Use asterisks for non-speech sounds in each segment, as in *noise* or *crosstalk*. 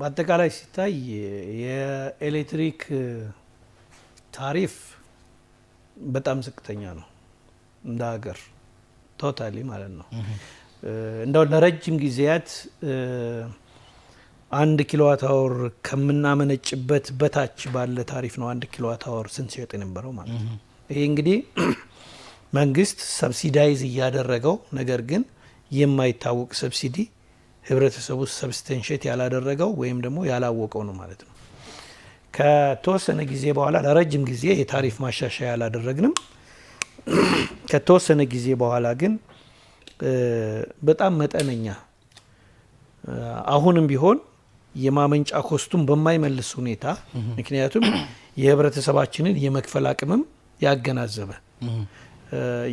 በአጠቃላይ ሲታይ የኤሌክትሪክ ታሪፍ በጣም ዝቅተኛ ነው እንደ ሀገር ቶታሊ ማለት ነው። እንደው ለረጅም ጊዜያት አንድ ኪሎዋት አወር ከምናመነጭበት በታች ባለ ታሪፍ ነው አንድ ኪሎዋት አወር ስንሸጥ የነበረው ማለት ነው። ይሄ እንግዲህ መንግስት ሰብሲዳይዝ እያደረገው ነገር ግን የማይታወቅ ሰብሲዲ ህብረተሰቡ ሰብስቴንሽት ያላደረገው ወይም ደግሞ ያላወቀው ነው ማለት ነው። ከተወሰነ ጊዜ በኋላ ለረጅም ጊዜ የታሪፍ ማሻሻያ አላደረግንም። ከተወሰነ ጊዜ በኋላ ግን በጣም መጠነኛ አሁንም ቢሆን የማመንጫ ኮስቱን በማይመልስ ሁኔታ ምክንያቱም የህብረተሰባችንን የመክፈል አቅምም ያገናዘበ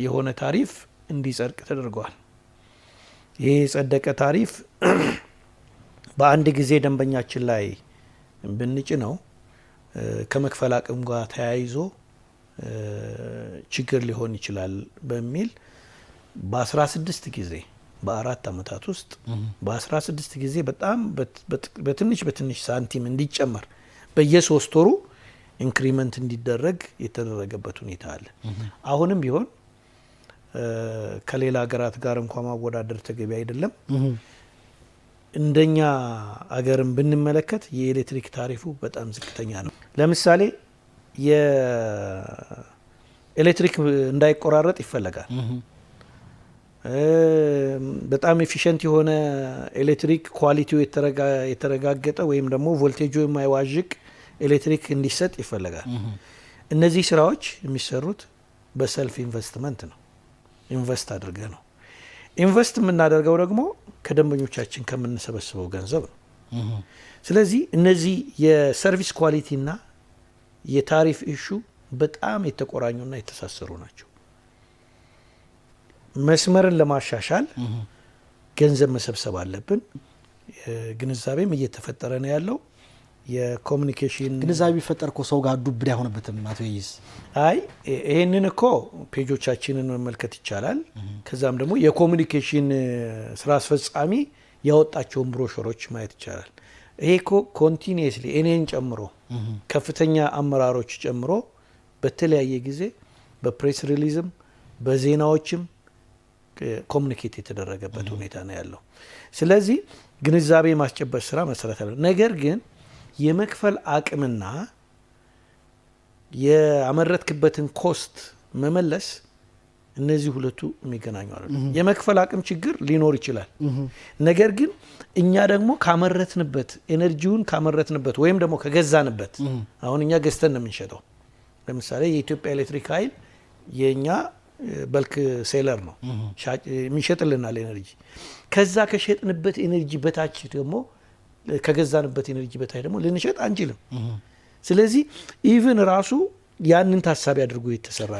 የሆነ ታሪፍ እንዲጸድቅ ተደርገዋል። ይህ የጸደቀ ታሪፍ *clears throat* በአንድ ጊዜ ደንበኛችን ላይ ብንጭ ነው ከመክፈል አቅም ጋር ተያይዞ ችግር ሊሆን ይችላል በሚል በ16 ጊዜ በአራት ዓመታት ውስጥ በ16 ጊዜ በጣም በትንሽ በትንሽ ሳንቲም እንዲጨመር በየሶስት ወሩ ኢንክሪመንት እንዲደረግ የተደረገበት ሁኔታ አለ። አሁንም ቢሆን ከሌላ ሀገራት ጋር እንኳ ማወዳደር ተገቢ አይደለም። እንደኛ አገርን ብንመለከት የኤሌክትሪክ ታሪፉ በጣም ዝቅተኛ ነው። ለምሳሌ የኤሌክትሪክ እንዳይቆራረጥ ይፈለጋል። በጣም ኤፊሽንት የሆነ ኤሌክትሪክ ኳሊቲው የተረጋገጠ ወይም ደግሞ ቮልቴጁ የማይዋዥቅ ኤሌክትሪክ እንዲሰጥ ይፈለጋል። እነዚህ ስራዎች የሚሰሩት በሰልፍ ኢንቨስትመንት ነው። ኢንቨስት አድርገ ነው ኢንቨስት የምናደርገው ደግሞ ከደንበኞቻችን ከምንሰበስበው ገንዘብ ነው። ስለዚህ እነዚህ የሰርቪስ ኳሊቲና የታሪፍ ኢሹ በጣም የተቆራኙና የተሳሰሩ ናቸው። መስመርን ለማሻሻል ገንዘብ መሰብሰብ አለብን። ግንዛቤም እየተፈጠረ ነው ያለው። የኮሚኒኬሽን ግንዛቤ ቢፈጠር እኮ ሰው ጋር ዱብዳ አይሆንበትም። አቶ ይዝ አይ ይህንን እኮ ፔጆቻችንን መመልከት ይቻላል። ከዛም ደግሞ የኮሚኒኬሽን ስራ አስፈጻሚ ያወጣቸውን ብሮሸሮች ማየት ይቻላል። ይሄ ኮ ኮንቲኒየስሊ እኔን ጨምሮ ከፍተኛ አመራሮች ጨምሮ በተለያየ ጊዜ በፕሬስ ሪሊዝም በዜናዎችም ኮሚኒኬት የተደረገበት ሁኔታ ነው ያለው። ስለዚህ ግንዛቤ ማስጨበጥ ስራ መሰረት አለ ነገር ግን የመክፈል አቅምና የአመረትክበትን ኮስት መመለስ እነዚህ ሁለቱ የሚገናኙ አለ። የመክፈል አቅም ችግር ሊኖር ይችላል። ነገር ግን እኛ ደግሞ ካመረትንበት ኤነርጂውን ካመረትንበት ወይም ደግሞ ከገዛንበት አሁን እኛ ገዝተን ነው የምንሸጠው። ለምሳሌ የኢትዮጵያ ኤሌክትሪክ ኃይል የእኛ በልክ ሴለር ነው የሚሸጥልናል ኤነርጂ። ከዛ ከሸጥንበት ኤነርጂ በታች ደግሞ ከገዛንበት ኤነርጂ በታይ ደግሞ ልንሸጥ አንችልም። ስለዚህ ኢቭን ራሱ ያንን ታሳቢ አድርጎ የተሰራ ነው።